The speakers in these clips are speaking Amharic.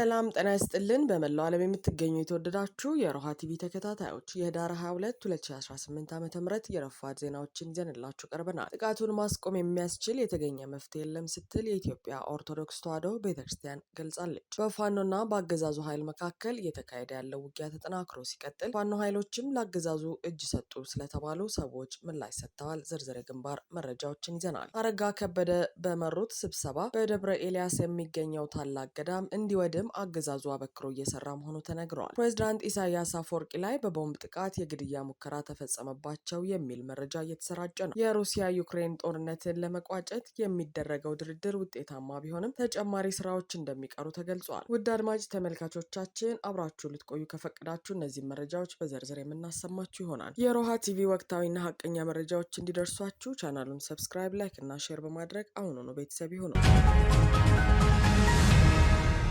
ሰላም ጤና ይስጥልን። በመላው ዓለም የምትገኙ የተወደዳችሁ የሮሃ ቲቪ ተከታታዮች የህዳር 22 2018 ዓ ም የረፋድ ዜናዎችን ይዘንላችሁ ቀርበናል። ጥቃቱን ማስቆም የሚያስችል የተገኘ መፍትሄ የለም ስትል የኢትዮጵያ ኦርቶዶክስ ተዋሕዶ ቤተክርስቲያን ክርስቲያን ገልጻለች። በፋኖና በአገዛዙ ኃይል መካከል እየተካሄደ ያለው ውጊያ ተጠናክሮ ሲቀጥል፣ ፋኖ ኃይሎችም ለአገዛዙ እጅ ሰጡ ስለተባሉ ሰዎች ምላሽ ሰጥተዋል። ዝርዝር ግንባር መረጃዎችን ይዘናል። አረጋ ከበደ በመሩት ስብሰባ በደብረ ኤልያስ የሚገኘው ታላቅ ገዳም እንዲወድም ለማስቆም አገዛዙ አበክሮ እየሰራ መሆኑ ተነግረዋል። ፕሬዚዳንት ኢሳያስ አፈወርቂ ላይ በቦምብ ጥቃት የግድያ ሙከራ ተፈጸመባቸው የሚል መረጃ እየተሰራጨ ነው። የሩሲያ ዩክሬን ጦርነትን ለመቋጨት የሚደረገው ድርድር ውጤታማ ቢሆንም ተጨማሪ ስራዎች እንደሚቀሩ ተገልጿል። ውድ አድማጭ ተመልካቾቻችን አብራችሁ ልትቆዩ ከፈቀዳችሁ እነዚህ መረጃዎች በዝርዝር የምናሰማችሁ ይሆናል። የሮሃ ቲቪ ወቅታዊና ሀቀኛ መረጃዎች እንዲደርሷችሁ ቻናሉን ሰብስክራይብ፣ ላይክ እና ሼር በማድረግ አሁኑኑ ቤተሰብ ይሁኑ።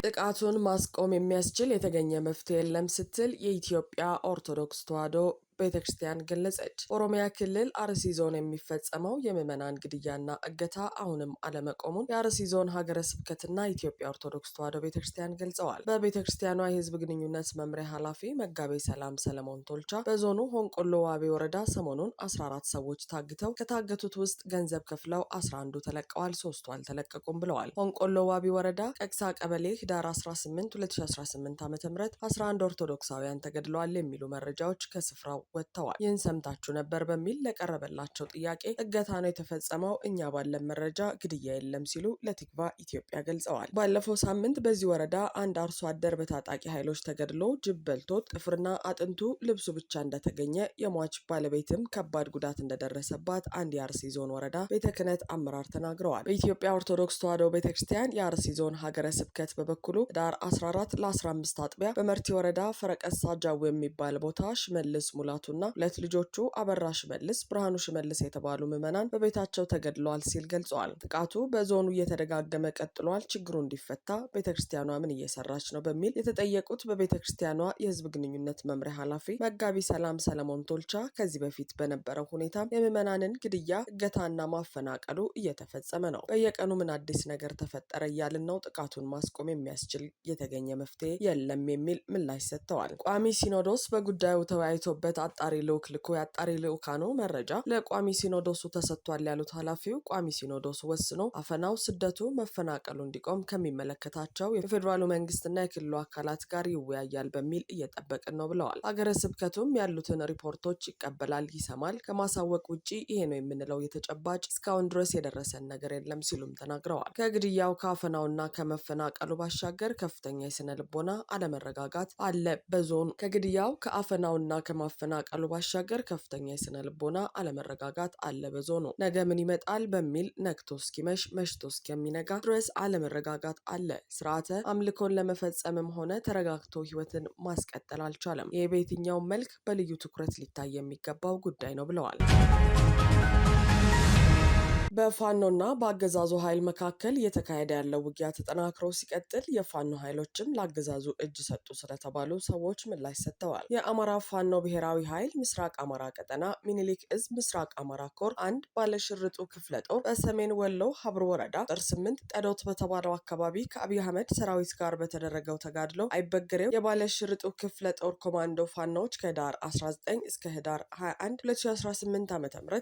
ጥቃቱን ማስቆም የሚያስችል የተገኘ መፍትሄ የለም ስትል የኢትዮጵያ ኦርቶዶክስ ተዋሕዶ ቤተክርስቲያን ገለጸች። ኦሮሚያ ክልል አርሲ ዞን የሚፈጸመው የምዕመናን ግድያና እገታ አሁንም አለመቆሙን የአርሲ ዞን ሀገረ ስብከትና ኢትዮጵያ ኦርቶዶክስ ተዋሕዶ ቤተክርስቲያን ገልጸዋል። በቤተክርስቲያኗ የህዝብ ግንኙነት መምሪያ ኃላፊ መጋቤ ሰላም ሰለሞን ቶልቻ በዞኑ ሆንቆሎ ዋቤ ወረዳ ሰሞኑን 14 ሰዎች ታግተው ከታገቱት ውስጥ ገንዘብ ከፍለው 11ዱ ተለቀዋል፣ ሶስቱ አልተለቀቁም ብለዋል። ሆንቆሎ ዋቢ ወረዳ ቀቅሳ ቀበሌ ህዳር 18 2018 ዓ ም 11 ኦርቶዶክሳውያን ተገድለዋል የሚሉ መረጃዎች ከስፍራው ወጥተዋል። ይህን ሰምታችሁ ነበር በሚል ለቀረበላቸው ጥያቄ እገታ ነው የተፈጸመው፣ እኛ ባለን መረጃ ግድያ የለም ሲሉ ለቲክቫ ኢትዮጵያ ገልጸዋል። ባለፈው ሳምንት በዚህ ወረዳ አንድ አርሶ አደር በታጣቂ ኃይሎች ተገድሎ ጅብ በልቶት ጥፍርና አጥንቱ ልብሱ ብቻ እንደተገኘ የሟች ባለቤትም ከባድ ጉዳት እንደደረሰባት አንድ የአርሲ ዞን ወረዳ ቤተ ክህነት አመራር ተናግረዋል። በኢትዮጵያ ኦርቶዶክስ ተዋሕዶ ቤተ ክርስቲያን የአርሲ ዞን ሀገረ ስብከት በበኩሉ ዳር 14 ለ15 አጥቢያ በመርቲ ወረዳ ፈረቀሳ ጃዊ የሚባል ቦታ ሽመልስ ሙላ እናቱና ሁለት ልጆቹ አበራ ሽመልስ፣ ብርሃኑ ሽመልስ የተባሉ ምዕመናን በቤታቸው ተገድለዋል ሲል ገልጸዋል። ጥቃቱ በዞኑ እየተደጋገመ ቀጥሏል። ችግሩ እንዲፈታ ቤተ ክርስቲያኗ ምን እየሰራች ነው? በሚል የተጠየቁት በቤተ ክርስቲያኗ የህዝብ ግንኙነት መምሪያ ኃላፊ መጋቢ ሰላም ሰለሞን ቶልቻ ከዚህ በፊት በነበረው ሁኔታ የምዕመናንን ግድያ፣ እገታና ማፈናቀሉ እየተፈጸመ ነው። በየቀኑ ምን አዲስ ነገር ተፈጠረ እያልን ነው። ጥቃቱን ማስቆም የሚያስችል የተገኘ መፍትሄ የለም የሚል ምላሽ ሰጥተዋል። ቋሚ ሲኖዶስ በጉዳዩ ተወያይቶበት አጣሪ ልዑክ ልኮ የአጣሪ ልዑካኑ መረጃ ለቋሚ ሲኖዶሱ ተሰጥቷል ያሉት ኃላፊው ቋሚ ሲኖዶሱ ወስኖ አፈናው፣ ስደቱ፣ መፈናቀሉ እንዲቆም ከሚመለከታቸው የፌዴራሉ መንግስትና የክልሉ አካላት ጋር ይወያያል በሚል እየጠበቅን ነው ብለዋል። ሀገረ ስብከቱም ያሉትን ሪፖርቶች ይቀበላል፣ ይሰማል። ከማሳወቅ ውጭ ይሄ ነው የምንለው የተጨባጭ እስካሁን ድረስ የደረሰን ነገር የለም ሲሉም ተናግረዋል። ከግድያው ከአፈናውና ከመፈናቀሉ ባሻገር ከፍተኛ የስነ ልቦና አለመረጋጋት አለ። በዞኑ ከግድያው ከአፈናውና ከማፈ ከመፈናቀሉ ባሻገር ከፍተኛ የስነ ልቦና አለመረጋጋት አለ። በዞኑ ነገ ምን ይመጣል በሚል ነግቶ እስኪመሽ መሽቶ እስከሚነጋ ድረስ አለመረጋጋት አለ። ስርዓተ አምልኮን ለመፈጸምም ሆነ ተረጋግቶ ህይወትን ማስቀጠል አልቻለም። ይህ በየትኛውም መልክ በልዩ ትኩረት ሊታይ የሚገባው ጉዳይ ነው ብለዋል። በፋኖና በአገዛዙ ኃይል መካከል እየተካሄደ ያለው ውጊያ ተጠናክሮ ሲቀጥል የፋኖ ኃይሎችም ለአገዛዙ እጅ ሰጡ ስለተባሉ ሰዎች ምላሽ ሰጥተዋል። የአማራ ፋኖ ብሔራዊ ኃይል ምስራቅ አማራ ቀጠና ሚኒሊክ እዝ ምስራቅ አማራ ኮር አንድ ባለሽርጡ ክፍለ ጦር በሰሜን ወሎ ሀብር ወረዳ ጥር ስምንት ጠዶት በተባለው አካባቢ ከአብይ አህመድ ሰራዊት ጋር በተደረገው ተጋድሎ አይበገሬው የባለሽርጡ ክፍለ ጦር ኮማንዶ ፋኖዎች ከህዳር 19 እስከ ህዳር 21 2018 ዓ ም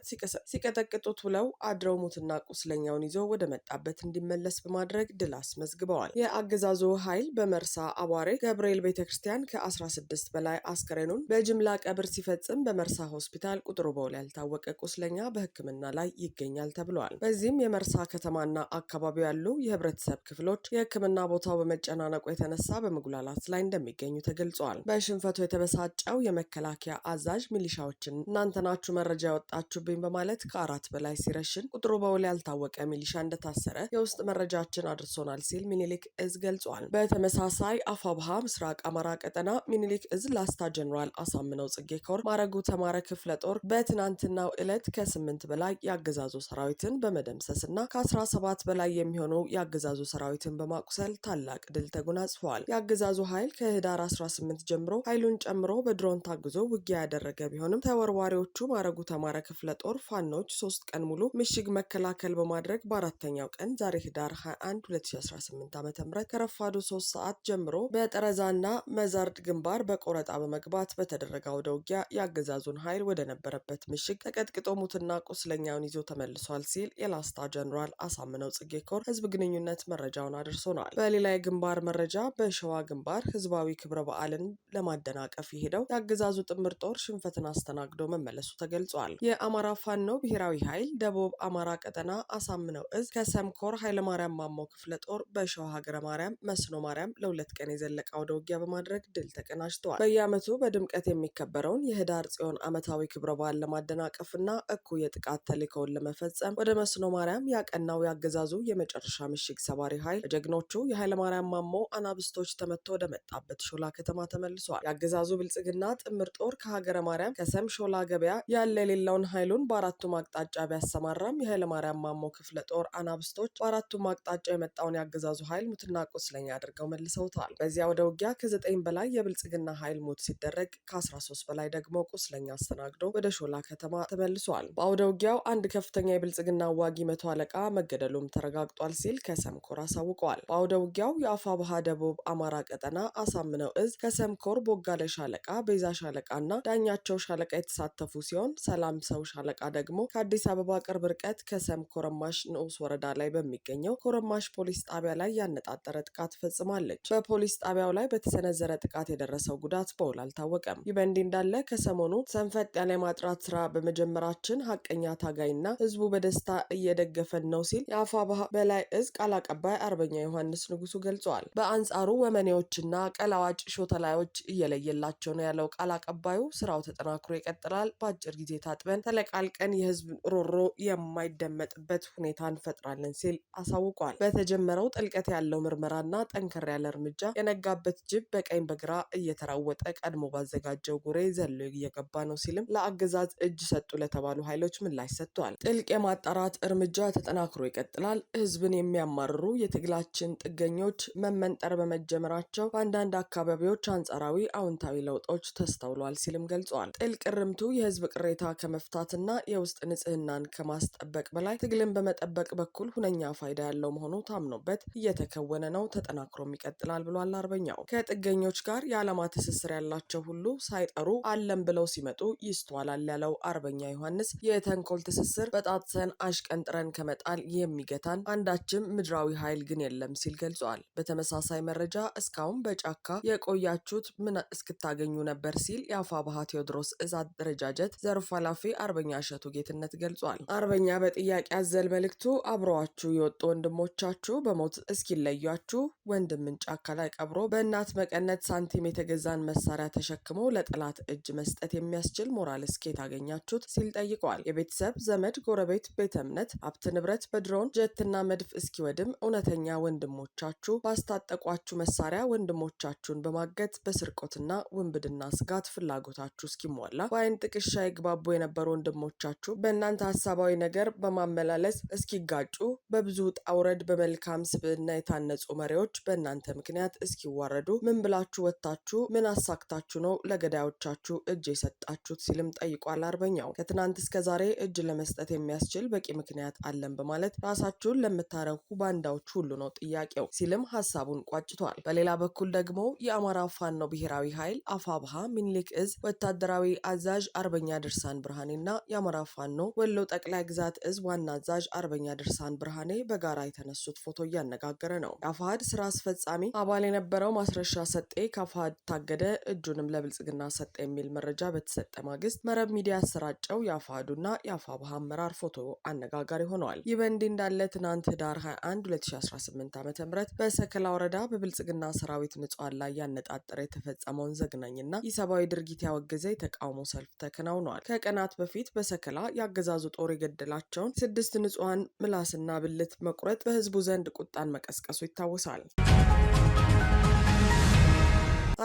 ሲቀጠቅጡት ውለው አድረው ሙትና ቁስለኛውን ይዞ ወደ መጣበት እንዲመለስ በማድረግ ድል አስመዝግበዋል። የአገዛዙ ኃይል በመርሳ አቧሬ ገብርኤል ቤተ ክርስቲያን ከ16 በላይ አስከሬኑን በጅምላ ቀብር ሲፈጽም በመርሳ ሆስፒታል ቁጥሩ በውል ያልታወቀ ቁስለኛ በሕክምና ላይ ይገኛል ተብሏል። በዚህም የመርሳ ከተማና አካባቢው ያሉ የህብረተሰብ ክፍሎች የሕክምና ቦታው በመጨናነቁ የተነሳ በመጉላላት ላይ እንደሚገኙ ተገልጿል። በሽንፈቱ የተበሳጨው የመከላከያ አዛዥ ሚሊሻዎችን እናንተ ናችሁ መረጃ ያወጣችሁብኝ በማለት ከአራት በላይ ሲረሽን ቁጥሩ ቁጥሩ በውል ያልታወቀ ሚሊሻ እንደታሰረ የውስጥ መረጃችን አድርሶናል ሲል ሚኒሊክ እዝ ገልጿል። በተመሳሳይ አፋብሃ ምስራቅ አማራ ቀጠና ሚኒሊክ እዝ ላስታ ጀኔራል አሳምነው ጽጌ ኮር ማረጉ ተማረ ክፍለ ጦር በትናንትናው ዕለት ከስምንት በላይ የአገዛዙ ሰራዊትን በመደምሰስ እና ከአስራ ሰባት በላይ የሚሆኑ የአገዛዙ ሰራዊትን በማቁሰል ታላቅ ድል ተጎናጽፈዋል። የአገዛዙ ኃይል ከህዳር 18 ጀምሮ ኃይሉን ጨምሮ በድሮን ታግዞ ውጊያ ያደረገ ቢሆንም ተወርዋሪዎቹ ማረጉ ተማረ ክፍለ ጦር ፋኖች ሶስት ቀን ሙሉ ምሽግ መከላከል በማድረግ በአራተኛው ቀን ዛሬ ህዳር 21 2018 ዓ ም ከረፋዱ 3 ሰዓት ጀምሮ በጠረዛና መዛርድ ግንባር በቆረጣ በመግባት በተደረገ አውደ ውጊያ የአገዛዙን ኃይል ወደነበረበት ምሽግ ተቀጥቅጦ ሙትና ቁስለኛውን ይዞ ተመልሷል ሲል የላስታ ጀኔራል አሳምነው ጽጌ ኮር ህዝብ ግንኙነት መረጃውን አድርሶናል። በሌላ የግንባር መረጃ በሸዋ ግንባር ህዝባዊ ክብረ በዓልን ለማደናቀፍ የሄደው የአገዛዙ ጥምር ጦር ሽንፈትን አስተናግዶ መመለሱ ተገልጿል። የአማራ ፋኖ ብሔራዊ ኃይል ደቡብ አማራ አማራ ቀጠና አሳምነው እዝ ከሰምኮር ኃይለማርያም ማሞ ክፍለ ጦር በሸዋ ሀገረ ማርያም መስኖ ማርያም ለሁለት ቀን የዘለቀ አውደ ውጊያ በማድረግ ድል ተቀናጅተዋል። በየዓመቱ በድምቀት የሚከበረውን የህዳር ጽዮን ዓመታዊ ክብረ በዓል ለማደናቀፍና እኩ የጥቃት ተልዕኮውን ለመፈጸም ወደ መስኖ ማርያም ያቀናው ያገዛዙ የመጨረሻ ምሽግ ሰባሪ ኃይል በጀግኖቹ የኃይለማርያም ማሞ አናብስቶች ተመቶ ወደ መጣበት ሾላ ከተማ ተመልሷል። ያገዛዙ ብልጽግና ጥምር ጦር ከሀገረ ማርያም ከሰም ሾላ ገበያ ያለ የሌለውን ኃይሉን በአራቱም አቅጣጫ ቢያሰማራም የኃይለማርያም ማሞ ክፍለ ጦር አናብስቶች በአራቱም አቅጣጫ የመጣውን የአገዛዙ ኃይል ሙትና ቁስለኛ አድርገው መልሰውታል። በዚያ ወደ ውጊያ ከዘጠኝ በላይ የብልጽግና ኃይል ሙት ሲደረግ ከ13 በላይ ደግሞ ቁስለኛ አስተናግዶ ወደ ሾላ ከተማ ተመልሷል። በአውደ ውጊያው አንድ ከፍተኛ የብልጽግና ዋጊ መቶ አለቃ መገደሉም ተረጋግጧል ሲል ከሰምኮር አሳውቀዋል። በአውደ ውጊያው የአፋ ባሃ ደቡብ አማራ ቀጠና አሳምነው እዝ ከሰምኮር ቦጋለ ሻለቃ፣ ቤዛ ሻለቃ እና ዳኛቸው ሻለቃ የተሳተፉ ሲሆን ሰላም ሰው ሻለቃ ደግሞ ከአዲስ አበባ ቅርብ ርቀት ከሰም ኮረማሽ ንዑስ ወረዳ ላይ በሚገኘው ኮረማሽ ፖሊስ ጣቢያ ላይ ያነጣጠረ ጥቃት ፈጽማለች። በፖሊስ ጣቢያው ላይ በተሰነዘረ ጥቃት የደረሰው ጉዳት በውል አልታወቀም። ይህ በእንዲህ እንዳለ ከሰሞኑ ሰንፈጥ ያለ ማጥራት ስራ በመጀመራችን ሀቀኛ ታጋይና ህዝቡ በደስታ እየደገፈን ነው ሲል የአፋ በላይ እዝ ቃል አቀባይ አርበኛ ዮሐንስ ንጉሱ ገልጸዋል። በአንጻሩ ወመኔዎችና ቀላዋጭ ሾተላዮች እየለየላቸው ነው ያለው ቃል አቀባዩ ስራው ተጠናክሮ ይቀጥላል። በአጭር ጊዜ ታጥበን ተለቃልቀን የህዝብ ሮሮ የማይ የሚደመጥበት ሁኔታ እንፈጥራለን ሲል አሳውቋል። በተጀመረው ጥልቀት ያለው ምርመራና ጠንከር ያለ እርምጃ የነጋበት ጅብ በቀኝ በግራ እየተራወጠ ቀድሞ ባዘጋጀው ጉሬ ዘሎ እየገባ ነው ሲልም ለአገዛዝ እጅ ሰጡ ለተባሉ ኃይሎች ምላሽ ሰጥቷል። ጥልቅ የማጣራት እርምጃ ተጠናክሮ ይቀጥላል። ህዝብን የሚያማርሩ የትግላችን ጥገኞች መመንጠር በመጀመራቸው በአንዳንድ አካባቢዎች አንጻራዊ አዎንታዊ ለውጦች ተስተውሏል ሲልም ገልጿል። ጥልቅ ርምቱ የህዝብ ቅሬታ ከመፍታትና የውስጥ ንጽህናን ከማስጠበቅ ከመጠበቅ በላይ ትግልን በመጠበቅ በኩል ሁነኛ ፋይዳ ያለው መሆኑ ታምኖበት እየተከወነ ነው፣ ተጠናክሮም ይቀጥላል ብሏል። አርበኛው ከጥገኞች ጋር የዓላማ ትስስር ያላቸው ሁሉ ሳይጠሩ አለም ብለው ሲመጡ ይስተዋላል ያለው አርበኛ ዮሐንስ የተንኮል ትስስር በጣትሰን አሽቀንጥረን ከመጣል የሚገታን አንዳችም ምድራዊ ኃይል ግን የለም ሲል ገልጿል። በተመሳሳይ መረጃ እስካሁን በጫካ የቆያችሁት ምን እስክታገኙ ነበር ሲል የአፋ ባህ ቴዎድሮስ እዝ አደረጃጀት ዘርፍ ኃላፊ አርበኛ እሸቱ ጌትነት ገልጿል። አርበኛ በጤ ጥያቄ አዘል መልእክቱ አብረዋችሁ የወጡ ወንድሞቻችሁ በሞት እስኪለያችሁ ወንድምን ጫካ ላይ ቀብሮ በእናት መቀነት ሳንቲም የተገዛን መሳሪያ ተሸክሞ ለጠላት እጅ መስጠት የሚያስችል ሞራል እስኬት አገኛችሁት ሲል ጠይቀዋል። የቤተሰብ ዘመድ፣ ጎረቤት፣ ቤተ እምነት፣ ሀብት ንብረት በድሮን ጀትና መድፍ እስኪወድም እውነተኛ ወንድሞቻችሁ ባስታጠቋችሁ መሳሪያ ወንድሞቻችሁን በማገት በስርቆትና ውንብድና ስጋት ፍላጎታችሁ እስኪሟላ በአይን ጥቅሻ ይግባቡ የነበሩ ወንድሞቻችሁ በእናንተ ሀሳባዊ ነገር በማመላለስ እስኪጋጩ በብዙ ውጣ ውረድ በመልካም ስብዕና የታነጹ መሪዎች በእናንተ ምክንያት እስኪዋረዱ ምን ብላችሁ ወጥታችሁ ምን አሳክታችሁ ነው ለገዳዮቻችሁ እጅ የሰጣችሁት ሲልም ጠይቋል። አርበኛው ከትናንት እስከ ዛሬ እጅ ለመስጠት የሚያስችል በቂ ምክንያት አለን በማለት ራሳችሁን ለምታረኩ ባንዳዎች ሁሉ ነው ጥያቄው ሲልም ሀሳቡን ቋጭቷል። በሌላ በኩል ደግሞ የአማራ ፋኖ ብሔራዊ ኃይል አፋብሃ ሚኒሊክ እዝ ወታደራዊ አዛዥ አርበኛ ድርሳን ብርሃኔና የአማራ ፋኖ ወሎ ጠቅላይ ግዛት እዝ ዋና አዛዥ አርበኛ ድርሳን ብርሃኔ በጋራ የተነሱት ፎቶ እያነጋገረ ነው። የአፋሕድ ስራ አስፈጻሚ አባል የነበረው ማስረሻ ሰጤ ከአፋሕድ ታገደ፣ እጁንም ለብልጽግና ሰጠ የሚል መረጃ በተሰጠ ማግስት መረብ ሚዲያ ያሰራጨው የአፋሕዱና የአፋብኃ አመራር ፎቶ አነጋጋሪ ሆነዋል። ይህ በእንዲህ እንዳለ ትናንት ህዳር 21 2018 ዓ.ም በሰከላ ወረዳ በብልጽግና ሰራዊት ንጹሐን ላይ ያነጣጠረ የተፈጸመውን ዘግናኝና ኢሰብአዊ ድርጊት ያወገዘ የተቃውሞ ሰልፍ ተከናውኗል። ከቀናት በፊት በሰከላ የአገዛዙ ጦር የገደላቸው ያደረጋቸውን ስድስት ንጹሐን ምላስና ብልት መቁረጥ በህዝቡ ዘንድ ቁጣን መቀስቀሱ ይታወሳል።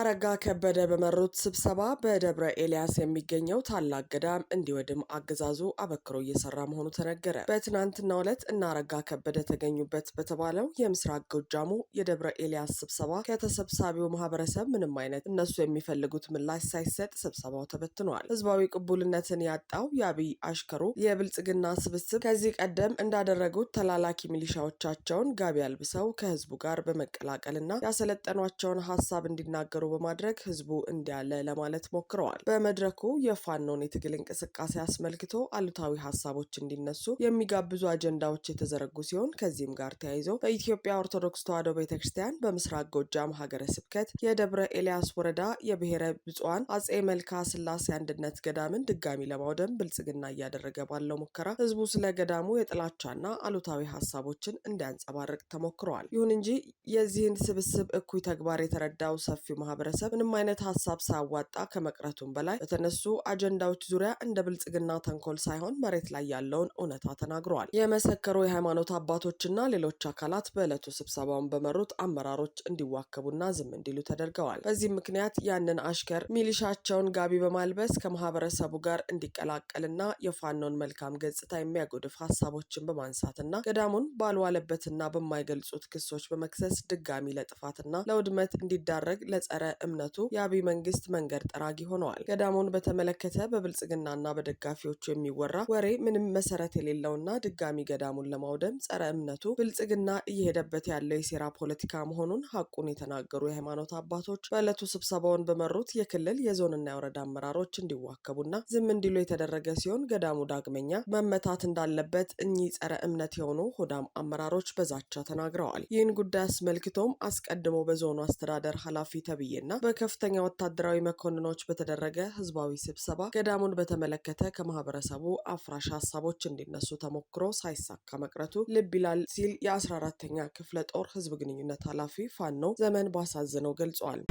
አረጋ ከበደ በመሩት ስብሰባ በደብረ ኤልያስ የሚገኘው ታላቅ ገዳም እንዲወድም አገዛዙ አበክሮ እየሰራ መሆኑ ተነገረ። በትናንትናው ዕለት እነ አረጋ ከበደ ተገኙበት በተባለው የምስራቅ ጎጃሙ የደብረ ኤልያስ ስብሰባ ከተሰብሳቢው ማህበረሰብ ምንም አይነት እነሱ የሚፈልጉት ምላሽ ሳይሰጥ ስብሰባው ተበትኗል። ህዝባዊ ቅቡልነትን ያጣው የአብይ አሽከሩ የብልጽግና ስብስብ ከዚህ ቀደም እንዳደረጉት ተላላኪ ሚሊሻዎቻቸውን ጋቢ አልብሰው ከህዝቡ ጋር በመቀላቀልና ያሰለጠኗቸውን ሀሳብ እንዲናገሩ እንዲናገሩ በማድረግ ህዝቡ እንዲያለ ለማለት ሞክረዋል። በመድረኩ የፋኖን የትግል እንቅስቃሴ አስመልክቶ አሉታዊ ሀሳቦች እንዲነሱ የሚጋብዙ አጀንዳዎች የተዘረጉ ሲሆን ከዚህም ጋር ተያይዞ በኢትዮጵያ ኦርቶዶክስ ተዋሕዶ ቤተ ክርስቲያን በምስራቅ ጎጃም ሀገረ ስብከት የደብረ ኤልያስ ወረዳ የብሔረ ብፁዓን አጼ መልካ ስላሴ አንድነት ገዳምን ድጋሚ ለማውደም ብልጽግና እያደረገ ባለው ሙከራ ህዝቡ ስለ ገዳሙ የጥላቻና አሉታዊ ሀሳቦችን እንዲያንጸባርቅ ተሞክረዋል። ይሁን እንጂ የዚህን ስብስብ እኩይ ተግባር የተረዳው ሰፊው ማህበረሰብ ምንም አይነት ሀሳብ ሳያዋጣ ከመቅረቱም በላይ በተነሱ አጀንዳዎች ዙሪያ እንደ ብልጽግና ተንኮል ሳይሆን መሬት ላይ ያለውን እውነታ ተናግረዋል። የመሰከሩ የሃይማኖት አባቶችና ሌሎች አካላት በዕለቱ ስብሰባውን በመሩት አመራሮች እንዲዋከቡና ዝም እንዲሉ ተደርገዋል። በዚህም ምክንያት ያንን አሽከር ሚሊሻቸውን ጋቢ በማልበስ ከማህበረሰቡ ጋር እንዲቀላቀልና የፋኖን መልካም ገጽታ የሚያጎድፍ ሀሳቦችን በማንሳትና ገዳሙን ባልዋለበትና በማይገልጹት ክሶች በመክሰስ ድጋሚ ለጥፋትና ለውድመት እንዲዳረግ ለጸረ በጸረ እምነቱ የአብይ መንግስት መንገድ ጠራጊ ሆነዋል። ገዳሙን በተመለከተ በብልጽግናና በደጋፊዎቹ የሚወራ ወሬ ምንም መሰረት የሌለውና ድጋሚ ገዳሙን ለማውደም ጸረ እምነቱ ብልጽግና እየሄደበት ያለው የሴራ ፖለቲካ መሆኑን ሀቁን የተናገሩ የሃይማኖት አባቶች በዕለቱ ስብሰባውን በመሩት የክልል የዞንና የወረዳ አመራሮች እንዲዋከቡና ዝም እንዲሉ የተደረገ ሲሆን ገዳሙ ዳግመኛ መመታት እንዳለበት እኚህ ጸረ እምነት የሆኑ ሆዳም አመራሮች በዛቻ ተናግረዋል። ይህን ጉዳይ አስመልክቶም አስቀድሞ በዞኑ አስተዳደር ኃላፊ ተብዬ ዘገየና በከፍተኛ ወታደራዊ መኮንኖች በተደረገ ህዝባዊ ስብሰባ ገዳሙን በተመለከተ ከማህበረሰቡ አፍራሽ ሀሳቦች እንዲነሱ ተሞክሮ ሳይሳካ መቅረቱ ልብ ይላል ሲል የ14ተኛ ክፍለ ጦር ህዝብ ግንኙነት ኃላፊ ፋኖ ዘመን ባሳዝነው ገልጿል።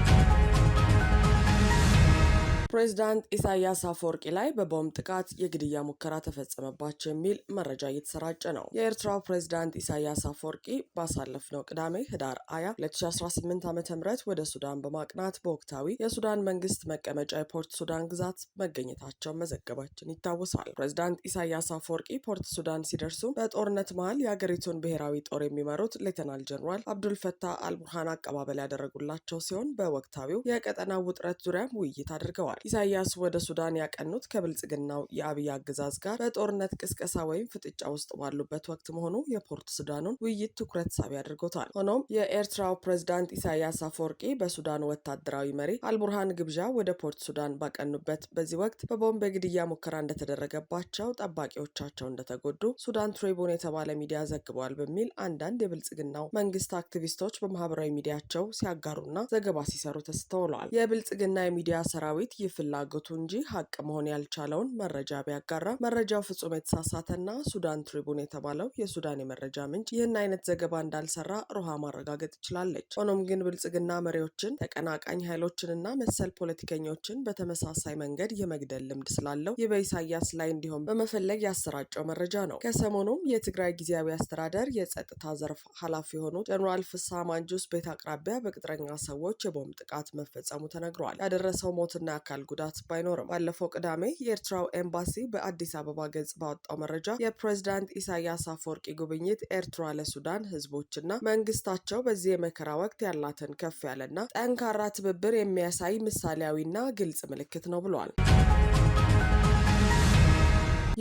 ፕሬዚዳንት ኢሳያስ አፈወርቂ ላይ በቦምብ ጥቃት የግድያ ሙከራ ተፈጸመባቸው የሚል መረጃ እየተሰራጨ ነው። የኤርትራው ፕሬዚዳንት ኢሳያስ አፈወርቂ ባሳለፍነው ቅዳሜ ህዳር አያ 2018 ዓ ም ወደ ሱዳን በማቅናት በወቅታዊ የሱዳን መንግስት መቀመጫ የፖርት ሱዳን ግዛት መገኘታቸው መዘገባችን ይታወሳል። ፕሬዚዳንት ኢሳያስ አፈወርቂ ፖርት ሱዳን ሲደርሱ በጦርነት መሃል የአገሪቱን ብሔራዊ ጦር የሚመሩት ሌተናል ጀኔራል አብዱልፈታህ አልቡርሃን አቀባበል ያደረጉላቸው ሲሆን በወቅታዊው የቀጠናው ውጥረት ዙሪያም ውይይት አድርገዋል። ኢሳያስ ወደ ሱዳን ያቀኑት ከብልጽግናው የአብይ አገዛዝ ጋር በጦርነት ቅስቀሳ ወይም ፍጥጫ ውስጥ ባሉበት ወቅት መሆኑ የፖርት ሱዳኑን ውይይት ትኩረት ሳቢ አድርጎታል። ሆኖም የኤርትራው ፕሬዝዳንት ኢሳያስ አፈወርቂ በሱዳን ወታደራዊ መሪ አልቡርሃን ግብዣ ወደ ፖርት ሱዳን ባቀኑበት በዚህ ወቅት በቦምብ የግድያ ሙከራ እንደተደረገባቸው ጠባቂዎቻቸው እንደተጎዱ ሱዳን ትሪቡን የተባለ ሚዲያ ዘግቧል በሚል አንዳንድ የብልጽግናው መንግስት አክቲቪስቶች በማህበራዊ ሚዲያቸው ሲያጋሩና ዘገባ ሲሰሩ ተስተውለዋል። የብልጽግና የሚዲያ ሰራዊት ፍላጎቱ እንጂ ሀቅ መሆን ያልቻለውን መረጃ ቢያጋራ መረጃው ፍጹም የተሳሳተና ሱዳን ትሪቡን የተባለው የሱዳን የመረጃ ምንጭ ይህን አይነት ዘገባ እንዳልሰራ ሮሃ ማረጋገጥ ይችላለች። ሆኖም ግን ብልጽግና መሪዎችን፣ ተቀናቃኝ ኃይሎችንና መሰል ፖለቲከኞችን በተመሳሳይ መንገድ የመግደል ልምድ ስላለው ይህ በኢሳያስ ላይ እንዲሆን በመፈለግ ያሰራጨው መረጃ ነው። ከሰሞኑም የትግራይ ጊዜያዊ አስተዳደር የጸጥታ ዘርፍ ኃላፊ የሆኑት ጀኔራል ፍሳ ማንጁስ ቤት አቅራቢያ በቅጥረኛ ሰዎች የቦምብ ጥቃት መፈጸሙ ተነግሯል። ያደረሰው ሞትና አካል ቀላል ጉዳት ባይኖርም ባለፈው ቅዳሜ የኤርትራው ኤምባሲ በአዲስ አበባ ገጽ ባወጣው መረጃ የፕሬዝዳንት ኢሳያስ አፈወርቂ ጉብኝት ኤርትራ ለሱዳን ህዝቦችና መንግስታቸው በዚህ የመከራ ወቅት ያላትን ከፍ ያለና ጠንካራ ትብብር የሚያሳይ ምሳሌያዊና ግልጽ ምልክት ነው ብሏል።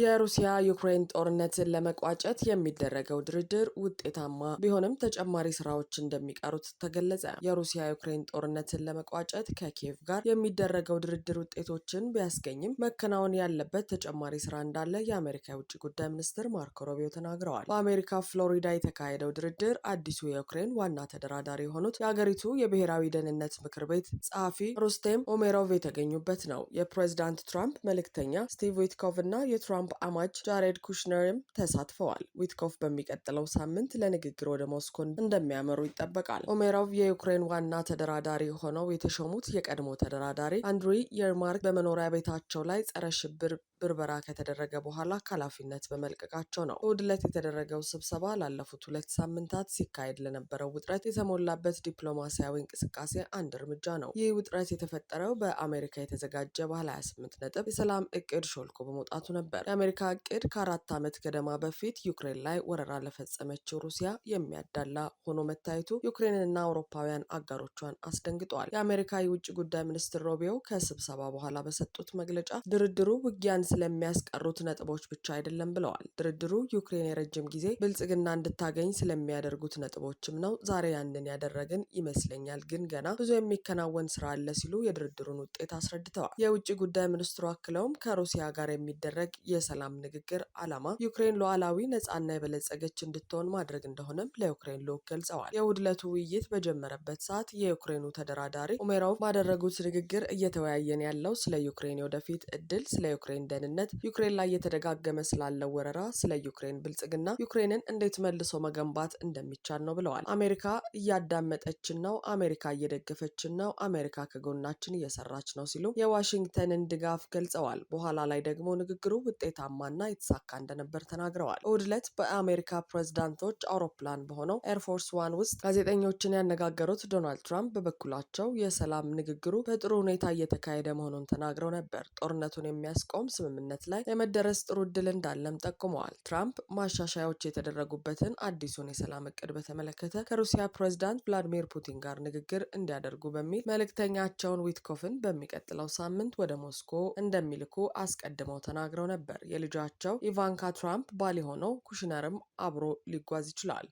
የሩሲያ ዩክሬን ጦርነትን ለመቋጨት የሚደረገው ድርድር ውጤታማ ቢሆንም ተጨማሪ ስራዎች እንደሚቀሩት ተገለጸ። የሩሲያ ዩክሬን ጦርነትን ለመቋጨት ከኪየቭ ጋር የሚደረገው ድርድር ውጤቶችን ቢያስገኝም መከናወን ያለበት ተጨማሪ ስራ እንዳለ የአሜሪካ የውጭ ጉዳይ ሚኒስትር ማርኮ ሮቢዮ ተናግረዋል። በአሜሪካ ፍሎሪዳ የተካሄደው ድርድር አዲሱ የዩክሬን ዋና ተደራዳሪ የሆኑት የአገሪቱ የብሔራዊ ደህንነት ምክር ቤት ጸሐፊ ሩስቴም ኦሜሮቭ የተገኙበት ነው። የፕሬዚዳንት ትራምፕ መልእክተኛ ስቲቭ ዊትኮቭ እና የትራምፕ የትራምፕ አማች ጃሬድ ኩሽነርም ተሳትፈዋል። ዊትኮፍ በሚቀጥለው ሳምንት ለንግግር ወደ ሞስኮ እንደሚያመሩ ይጠበቃል። ኦሜሮቭ የዩክሬን ዋና ተደራዳሪ ሆነው የተሾሙት የቀድሞ ተደራዳሪ አንድሪ የርማርክ በመኖሪያ ቤታቸው ላይ ጸረ ሽብር ብርበራ ከተደረገ በኋላ ከኃላፊነት በመልቀቃቸው ነው። እሁድ ዕለት የተደረገው ስብሰባ ላለፉት ሁለት ሳምንታት ሲካሄድ ለነበረው ውጥረት የተሞላበት ዲፕሎማሲያዊ እንቅስቃሴ አንድ እርምጃ ነው። ይህ ውጥረት የተፈጠረው በአሜሪካ የተዘጋጀ ባለ 28 ነጥብ የሰላም እቅድ ሾልኮ በመውጣቱ ነበር። የአሜሪካ እቅድ ከአራት ዓመት ገደማ በፊት ዩክሬን ላይ ወረራ ለፈጸመችው ሩሲያ የሚያዳላ ሆኖ መታየቱ ዩክሬንንና አውሮፓውያን አጋሮቿን አስደንግጧል። የአሜሪካ የውጭ ጉዳይ ሚኒስትር ሮቢዮ ከስብሰባ በኋላ በሰጡት መግለጫ ድርድሩ ውጊያን ስለሚያስቀሩት ነጥቦች ብቻ አይደለም ብለዋል። ድርድሩ ዩክሬን የረጅም ጊዜ ብልጽግና እንድታገኝ ስለሚያደርጉት ነጥቦችም ነው። ዛሬ ያንን ያደረግን ይመስለኛል፣ ግን ገና ብዙ የሚከናወን ስራ አለ ሲሉ የድርድሩን ውጤት አስረድተዋል። የውጭ ጉዳይ ሚኒስትሩ አክለውም ከሩሲያ ጋር የሚደረግ የሰላም ንግግር ዓላማ ዩክሬን ሉዓላዊ፣ ነጻና የበለጸገች እንድትሆን ማድረግ እንደሆነም ለዩክሬን ልዑክ ገልጸዋል። የውድለቱ ውይይት በጀመረበት ሰዓት የዩክሬኑ ተደራዳሪ ኡሜሮቭ ባደረጉት ንግግር እየተወያየን ያለው ስለ ዩክሬን የወደፊት እድል፣ ስለ ዩክሬን ደህንነት፣ ዩክሬን ላይ እየተደጋገመ ስላለው ወረራ፣ ስለ ዩክሬን ብልጽግና፣ ዩክሬንን እንዴት መልሶ መገንባት እንደሚቻል ነው ብለዋል። አሜሪካ እያዳመጠችን ነው፣ አሜሪካ እየደገፈችን ነው፣ አሜሪካ ከጎናችን እየሰራች ነው ሲሉ የዋሽንግተንን ድጋፍ ገልጸዋል። በኋላ ላይ ደግሞ ንግግሩ ውጤታማና የተሳካ እንደነበር ተናግረዋል። እሁድ ዕለት በአሜሪካ ፕሬዝዳንቶች አውሮፕላን በሆነው ኤርፎርስ ዋን ውስጥ ጋዜጠኞችን ያነጋገሩት ዶናልድ ትራምፕ በበኩላቸው የሰላም ንግግሩ በጥሩ ሁኔታ እየተካሄደ መሆኑን ተናግረው ነበር። ጦርነቱን የሚያስቆም ስምምነት ስምምነት ላይ የመደረስ ጥሩ እድል እንዳለም ጠቁመዋል። ትራምፕ ማሻሻያዎች የተደረጉበትን አዲሱን የሰላም እቅድ በተመለከተ ከሩሲያ ፕሬዚዳንት ቭላዲሚር ፑቲን ጋር ንግግር እንዲያደርጉ በሚል መልእክተኛቸውን ዊትኮፍን በሚቀጥለው ሳምንት ወደ ሞስኮ እንደሚልኩ አስቀድመው ተናግረው ነበር። የልጃቸው ኢቫንካ ትራምፕ ባል የሆነው ኩሽነርም አብሮ ሊጓዝ ይችላል።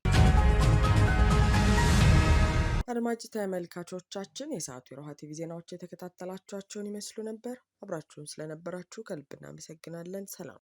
አድማጭ ተመልካቾቻችን የሰዓቱ የሮሃ ቲቪ ዜናዎች የተከታተላችኋቸውን ይመስሉ ነበር። አብራችሁን ስለነበራችሁ ከልብ እናመሰግናለን። ሰላም